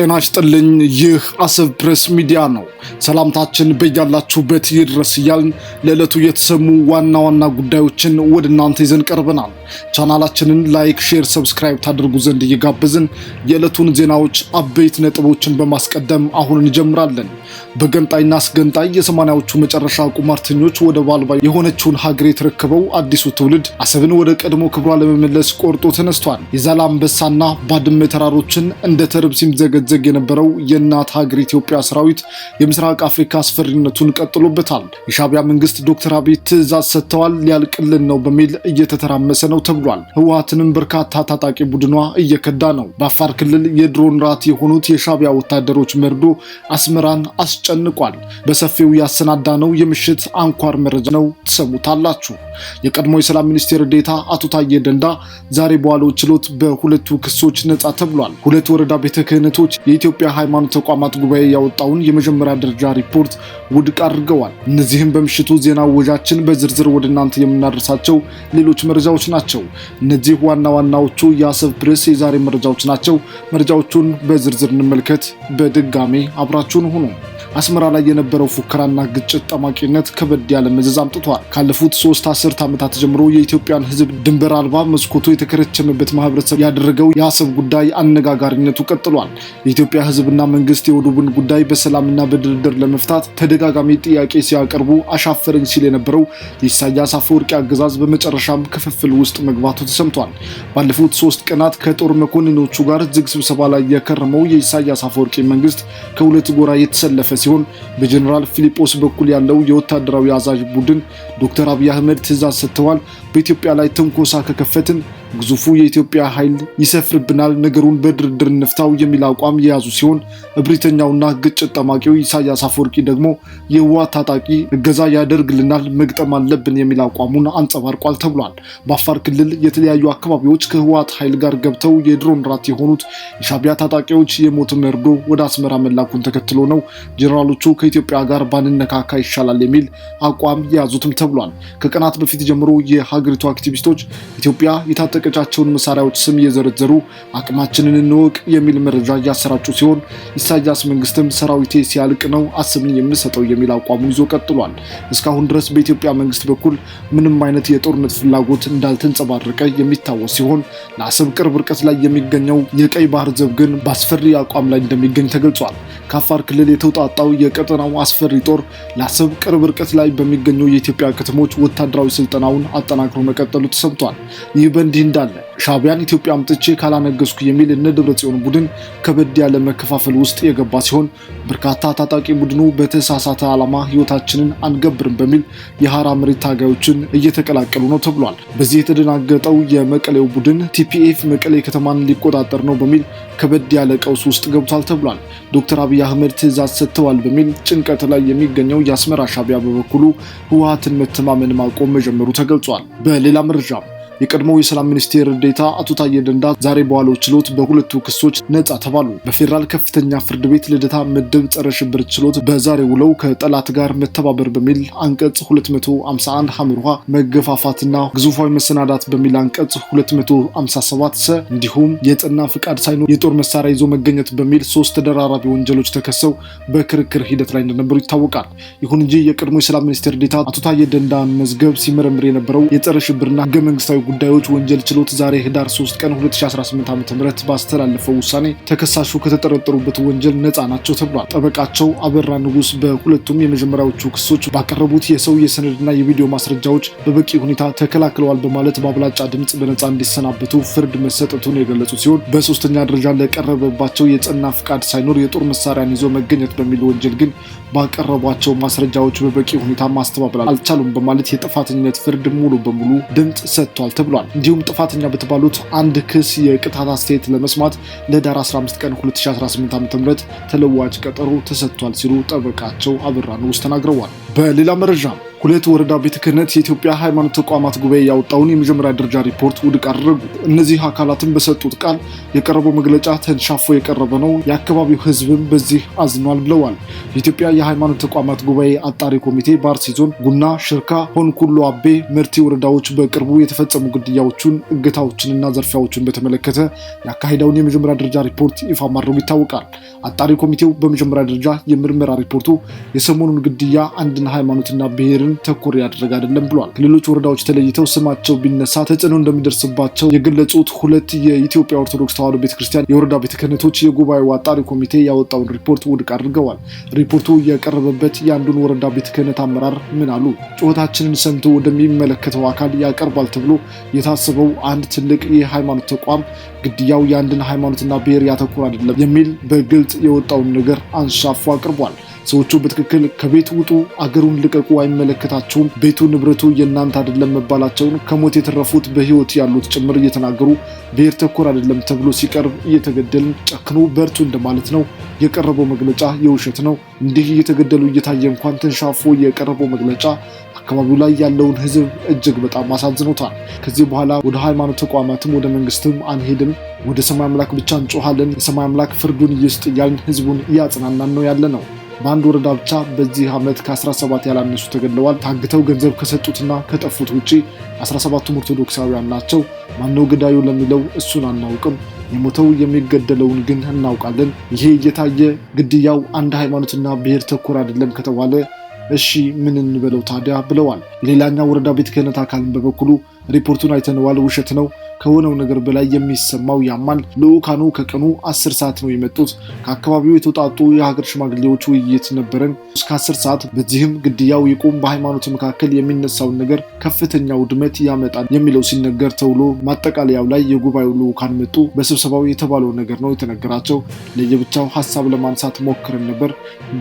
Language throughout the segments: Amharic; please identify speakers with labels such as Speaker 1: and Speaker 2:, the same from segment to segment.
Speaker 1: ጤና ይስጥልኝ። ይህ አሰብ ፕሬስ ሚዲያ ነው። ሰላምታችን በያላችሁበት ይድረስ እያልን ለዕለቱ የተሰሙ ዋና ዋና ጉዳዮችን ወደ እናንተ ይዘን ቀርበናል። ቻናላችንን ላይክ፣ ሼር፣ ሰብስክራይብ ታደርጉ ዘንድ እየጋበዝን የዕለቱን ዜናዎች አበይት ነጥቦችን በማስቀደም አሁን እንጀምራለን። በገንጣይና አስገንጣይ የሰማንያዎቹ መጨረሻ ቁማርተኞች ወደብ አልባ የሆነችውን ሀገር የተረከበው አዲሱ ትውልድ አሰብን ወደ ቀድሞ ክብሯ ለመመለስ ቆርጦ ተነስቷል። የዛላምበሳና ባድመ ተራሮችን እንደ ተርብ ሲምዘገዘግ የነበረው የእናት ሀገር ኢትዮጵያ ሰራዊት የምስራቅ አፍሪካ አስፈሪነቱን ቀጥሎበታል። የሻቢያ መንግስት ዶክተር አብይ ትዕዛዝ ሰጥተዋል ሊያልቅልን ነው በሚል እየተተራመሰ ነው ነው ተብሏል። ህወሀትንም በርካታ ታጣቂ ቡድኗ እየከዳ ነው። በአፋር ክልል የድሮን ራት የሆኑት የሻቢያ ወታደሮች መርዶ አስመራን አስጨንቋል። በሰፊው ያሰናዳ ነው የምሽት አንኳር መረጃ ነው፣ ትሰሙታላችሁ። የቀድሞ የሰላም ሚኒስቴር ዴታ አቶ ታዬ ደንዳ ዛሬ በዋለው ችሎት በሁለቱ ክሶች ነጻ ተብሏል። ሁለት ወረዳ ቤተ ክህነቶች የኢትዮጵያ ሃይማኖት ተቋማት ጉባኤ ያወጣውን የመጀመሪያ ደረጃ ሪፖርት ውድቅ አድርገዋል። እነዚህም በምሽቱ ዜና ወዣችን በዝርዝር ወደ እናንተ የምናደርሳቸው ሌሎች መረጃዎች ናቸው። ናቸው። እነዚህ ዋና ዋናዎቹ የአሰብ ፕሬስ የዛሬ መረጃዎች ናቸው። መረጃዎቹን በዝርዝር እንመልከት። በድጋሜ አብራችሁን ሁኑ። አስመራ ላይ የነበረው ፉከራና ግጭት ጠማቂነት ከበድ ያለ መዘዝ አምጥቷል። ካለፉት ሶስት አስርት ዓመታት ጀምሮ የኢትዮጵያን ሕዝብ ድንበር አልባ መስኮቱ የተከረቸመበት ማህበረሰብ ያደረገው የአሰብ ጉዳይ አነጋጋሪነቱ ቀጥሏል። የኢትዮጵያ ሕዝብና መንግስት የወደቡን ጉዳይ በሰላምና በድርድር ለመፍታት ተደጋጋሚ ጥያቄ ሲያቀርቡ አሻፈረኝ ሲል የነበረው የኢሳያስ አፈወርቂ አገዛዝ በመጨረሻም ክፍፍል ውስጥ መግባቱ ተሰምቷል። ባለፉት ሶስት ቀናት ከጦር መኮንኖቹ ጋር ዝግ ስብሰባ ላይ የከረመው የኢሳያስ አፈወርቂ መንግስት ከሁለት ጎራ የተሰለፈ ሲሆን በጀኔራል ፊሊጶስ በኩል ያለው የወታደራዊ አዛዥ ቡድን ዶክተር አብይ አህመድ ትእዛዝ ሰጥተዋል፣ በኢትዮጵያ ላይ ትንኮሳ ከከፈትን ግዙፉ የኢትዮጵያ ኃይል ይሰፍርብናል፣ ነገሩን በድርድር እንፍታው የሚል አቋም የያዙ ሲሆን እብሪተኛውና ግጭት ጠማቂው ኢሳያስ አፈወርቂ ደግሞ የህወሓት ታጣቂ እገዛ ያደርግልናል፣ መግጠም አለብን የሚል አቋሙን አንጸባርቋል ተብሏል። በአፋር ክልል የተለያዩ አካባቢዎች ከህወሓት ኃይል ጋር ገብተው የድሮን ራት የሆኑት የሻቢያ ታጣቂዎች የሞት መርዶ ወደ አስመራ መላኩን ተከትሎ ነው ጀኔራሎቹ ከኢትዮጵያ ጋር ባንነካካ ይሻላል የሚል አቋም የያዙትም ተብሏል። ከቀናት በፊት ጀምሮ የሀገሪቱ አክቲቪስቶች ኢትዮጵያ የታጠቀቻቸውን መሳሪያዎች ስም እየዘረዘሩ አቅማችንን እንወቅ የሚል መረጃ እያሰራጩ ሲሆን ኢሳያስ መንግስትም ሰራዊቴ ሲያልቅ ነው አስብን የምሰጠው የሚል አቋሙን ይዞ ቀጥሏል። እስካሁን ድረስ በኢትዮጵያ መንግስት በኩል ምንም አይነት የጦርነት ፍላጎት እንዳልተንጸባረቀ የሚታወስ ሲሆን ለአሰብ ቅርብ ርቀት ላይ የሚገኘው የቀይ ባህር ዘብ ግን በአስፈሪ አቋም ላይ እንደሚገኝ ተገልጿል። ከአፋር ክልል የተውጣጣው የቀጠናው አስፈሪ ጦር ለአሰብ ቅርብ ርቀት ላይ በሚገኙ የኢትዮጵያ ከተሞች ወታደራዊ ስልጠናውን አጠናቅ ተጠናክሮ መቀጠሉ ተሰምቷል። ይህ በእንዲህ እንዳለ ሻቢያን ኢትዮጵያ አምጥቼ ካላነገስኩ የሚል እነ ጽዮን ቡድን ከበድ ያለ መከፋፈል ውስጥ የገባ ሲሆን በርካታ ታጣቂ ቡድኑ በተሳሳተ ዓላማ ህይወታችንን አንገብርም በሚል የሐራ መሬት ታጋዮችን እየተቀላቀሉ ነው ተብሏል። በዚህ የተደናገጠው የመቀሌው ቡድን ቲፒኤፍ መቀሌ ከተማን ሊቆጣጠር ነው በሚል ከበድ ያለ ቀውስ ውስጥ ገብቷል ተብሏል። ዶክተር አብይ አህመድ ትዕዛዝ ሰጥተዋል በሚል ጭንቀት ላይ የሚገኘው የአስመራ ሻቢያ በበኩሉ ህወሀትን መተማመን ማቆም መጀመሩ ተገልጿል። böyle የቀድሞው የሰላም ሚኒስቴር ዴታ አቶ ታዬ ደንዳ ዛሬ በዋለው ችሎት በሁለቱ ክሶች ነጻ ተባሉ። በፌዴራል ከፍተኛ ፍርድ ቤት ልደታ ምድብ ጸረ ሽብር ችሎት በዛሬ ውለው ከጠላት ጋር መተባበር በሚል አንቀጽ 251 ውሃ መገፋፋትና ግዙፋዊ መሰናዳት በሚል አንቀጽ 257 ሰ እንዲሁም የጥና ፍቃድ ሳይኖር የጦር መሳሪያ ይዞ መገኘት በሚል ሶስት ተደራራቢ ወንጀሎች ተከሰው በክርክር ሂደት ላይ እንደነበሩ ይታወቃል። ይሁን እንጂ የቀድሞ የሰላም ሚኒስቴር ዴታ አቶ ታዬ ደንዳ መዝገብ ሲመረምር የነበረው የጸረ ሽብርና ህገ መንግስታዊ ጉዳዮች ወንጀል ችሎት ዛሬ ህዳር 3 ቀን 2018 ዓ.ም ባስተላለፈው ውሳኔ ተከሳሹ ከተጠረጠሩበት ወንጀል ነፃ ናቸው ተብሏል። ጠበቃቸው አበራ ንጉስ በሁለቱም የመጀመሪያዎቹ ክሶች ባቀረቡት የሰው የሰነድና የቪዲዮ ማስረጃዎች በበቂ ሁኔታ ተከላክለዋል በማለት በአብላጫ ድምፅ በነፃ እንዲሰናበቱ ፍርድ መሰጠቱን የገለጹ ሲሆን በሶስተኛ ደረጃ ለቀረበባቸው የጸና ፍቃድ ሳይኖር የጦር መሳሪያን ይዞ መገኘት በሚል ወንጀል ግን ባቀረቧቸው ማስረጃዎች በበቂ ሁኔታ ማስተባበል አልቻሉም በማለት የጥፋተኝነት ፍርድ ሙሉ በሙሉ ድምፅ ሰጥቷል። ተብሏል። እንዲሁም ጥፋተኛ በተባሉት አንድ ክስ የቅጣት አስተያየት ለመስማት ለዳር 15 ቀን 2018 ዓ ም ተለዋጭ ቀጠሮ ተሰጥቷል ሲሉ ጠበቃቸው አበራ ንጉስ ተናግረዋል። በሌላ መረጃ ሁለት ወረዳ ቤተ ክህነት የኢትዮጵያ ሃይማኖት ተቋማት ጉባኤ ያወጣውን የመጀመሪያ ደረጃ ሪፖርት ውድቅ አደረጉ። እነዚህ አካላትን በሰጡት ቃል የቀረበው መግለጫ ተንሻፎ የቀረበ ነው፣ የአካባቢው ህዝብም በዚህ አዝኗል ብለዋል። የኢትዮጵያ የሃይማኖት ተቋማት ጉባኤ አጣሪ ኮሚቴ በአርሲ ዞን ጉና፣ ሽርካ፣ ሆንኩሎ አቤ፣ መርቲ ወረዳዎች በቅርቡ የተፈጸሙ ግድያዎቹን፣ እገታዎችንና ዘርፊያዎችን በተመለከተ ያካሄደውን የመጀመሪያ ደረጃ ሪፖርት ይፋ ማድረጉ ይታወቃል። አጣሪ ኮሚቴው በመጀመሪያ ደረጃ የምርመራ ሪፖርቱ የሰሞኑን ግድያ አንድን ሃይማኖትና ብሔርን ላይም ተኮር ያደረገ አይደለም ብሏል። ከሌሎች ወረዳዎች ተለይተው ስማቸው ቢነሳ ተጽዕኖ እንደሚደርስባቸው የገለጹት ሁለት የኢትዮጵያ ኦርቶዶክስ ተዋሕዶ ቤተክርስቲያን የወረዳ ቤተ ክህነቶች የጉባኤው አጣሪ ኮሚቴ ያወጣውን ሪፖርት ውድቅ አድርገዋል። ሪፖርቱ የቀረበበት የአንዱን ወረዳ ቤተ ክህነት አመራር ምን አሉ? ጩኸታችንን ሰምቶ ወደሚመለከተው አካል ያቀርባል ተብሎ የታሰበው አንድ ትልቅ የሃይማኖት ተቋም ግድያው የአንድን ሃይማኖትና ብሔር ያተኮር አይደለም የሚል በግልጽ የወጣውን ነገር አንሻፎ አቅርቧል። ሰዎቹ በትክክል ከቤት ውጡ፣ አገሩን ልቀቁ፣ አይመለከታቸውም፣ ቤቱ ንብረቱ የእናንተ አይደለም መባላቸውን ከሞት የተረፉት በህይወት ያሉት ጭምር እየተናገሩ ብሔር ተኮር አይደለም ተብሎ ሲቀርብ እየተገደልን ጨክኖ በርቱ እንደማለት ነው። የቀረበው መግለጫ የውሸት ነው። እንዲህ እየተገደሉ እየታየ እንኳን ተንሻፎ የቀረበው መግለጫ አካባቢው ላይ ያለውን ህዝብ እጅግ በጣም አሳዝኖታል። ከዚህ በኋላ ወደ ሃይማኖት ተቋማትም ወደ መንግስትም አንሄድም፣ ወደ ሰማይ አምላክ ብቻ እንጮሃለን፣ የሰማይ አምላክ ፍርዱን ይስጥ እያልን ህዝቡን እያጽናናን ነው ያለ ነው። በአንድ ወረዳ ብቻ በዚህ ዓመት ከ17 ያላነሱ ተገድለዋል። ታግተው ገንዘብ ከሰጡትና ከጠፉት ውጪ 17ቱም ኦርቶዶክሳውያን ናቸው። ማነው ገዳዩ ለሚለው እሱን አናውቅም፣ የሞተው የሚገደለውን ግን እናውቃለን። ይሄ እየታየ ግድያው አንድ ሃይማኖትና ብሔር ተኮር አይደለም ከተባለ እሺ ምን እንበለው ታዲያ ብለዋል። የሌላኛው ወረዳ ቤተ ክህነት አካልን በበኩሉ ሪፖርቱን አይተነዋል፣ ውሸት ነው ከሆነው ነገር በላይ የሚሰማው ያማል። ልዑካኑ ከቀኑ አስር ሰዓት ነው የመጡት። ከአካባቢው የተውጣጡ የሀገር ሽማግሌዎች ውይይት ነበረን እስከ አስር ሰዓት። በዚህም ግድያው ይቁም፣ በሃይማኖት መካከል የሚነሳውን ነገር ከፍተኛ ውድመት ያመጣል የሚለው ሲነገር ተውሎ ማጠቃለያው ላይ የጉባኤው ልዑካን መጡ። በስብሰባው የተባለው ነገር ነው የተነገራቸው። ለየብቻው ሀሳብ ለማንሳት ሞክረን ነበር፣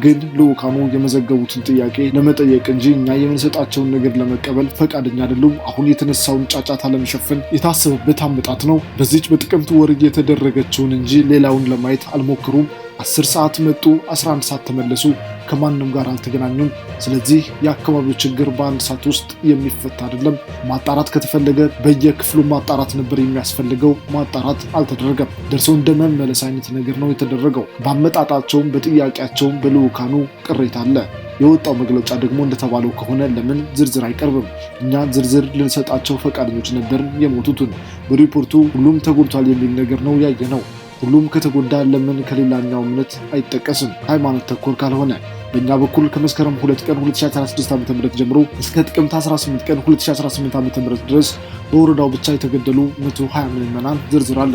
Speaker 1: ግን ልዑካኑ የመዘገቡትን ጥያቄ ለመጠየቅ እንጂ እኛ የምንሰጣቸውን ነገር ለመቀበል ፈቃደኛ አይደሉም። አሁን የተነሳው የበረታውን ጫጫታ ለመሸፈን የታሰበበት አመጣት ነው። በዚች በጥቅምት ወር የተደረገችውን እንጂ ሌላውን ለማየት አልሞክሩም። አስር ሰዓት መጡ፣ 11 ሰዓት ተመለሱ። ከማንም ጋር አልተገናኙም። ስለዚህ የአካባቢው ችግር በአንድ ሰዓት ውስጥ የሚፈታ አይደለም። ማጣራት ከተፈለገ በየክፍሉ ማጣራት ነበር የሚያስፈልገው። ማጣራት አልተደረገም። ደርሰው እንደመመለስ አይነት ነገር ነው የተደረገው። በአመጣጣቸውም በጥያቄያቸውም በልዑካኑ ቅሬታ አለ። የወጣው መግለጫ ደግሞ እንደተባለው ከሆነ ለምን ዝርዝር አይቀርብም? እኛ ዝርዝር ልንሰጣቸው ፈቃደኞች ነበርን። የሞቱትን በሪፖርቱ ሁሉም ተጎድቷል የሚል ነገር ነው ያየ ነው። ሁሉም ከተጎዳ ለምን ከሌላኛው እምነት አይጠቀስም? ሃይማኖት ተኮር ካልሆነ በእኛ በኩል ከመስከረም 2 ቀን 2016 ዓ ም ጀምሮ እስከ ጥቅምት 18 ቀን 2018 ዓ ም ድረስ በወረዳው ብቻ የተገደሉ 120 ምዕመናን ዝርዝር አለ።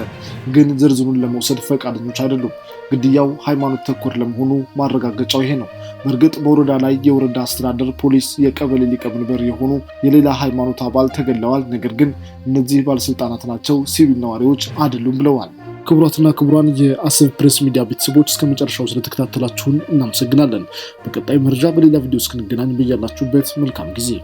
Speaker 1: ግን ዝርዝሩን ለመውሰድ ፈቃደኞች አይደሉም። ግድያው ሃይማኖት ተኮር ለመሆኑ ማረጋገጫው ይሄ ነው። በእርግጥ በወረዳ ላይ የወረዳ አስተዳደር ፖሊስ፣ የቀበሌ ሊቀመንበር የሆኑ የሌላ ሃይማኖት አባል ተገለዋል። ነገር ግን እነዚህ ባለስልጣናት ናቸው ሲቪል ነዋሪዎች አይደሉም ብለዋል። ክቡራትና ክቡራን የአሰብ ፕሬስ ሚዲያ ቤተሰቦች እስከ መጨረሻው ስለተከታተላችሁን እናመሰግናለን። በቀጣይ መረጃ በሌላ ቪዲዮ እስክንገናኝ በያላችሁበት መልካም ጊዜ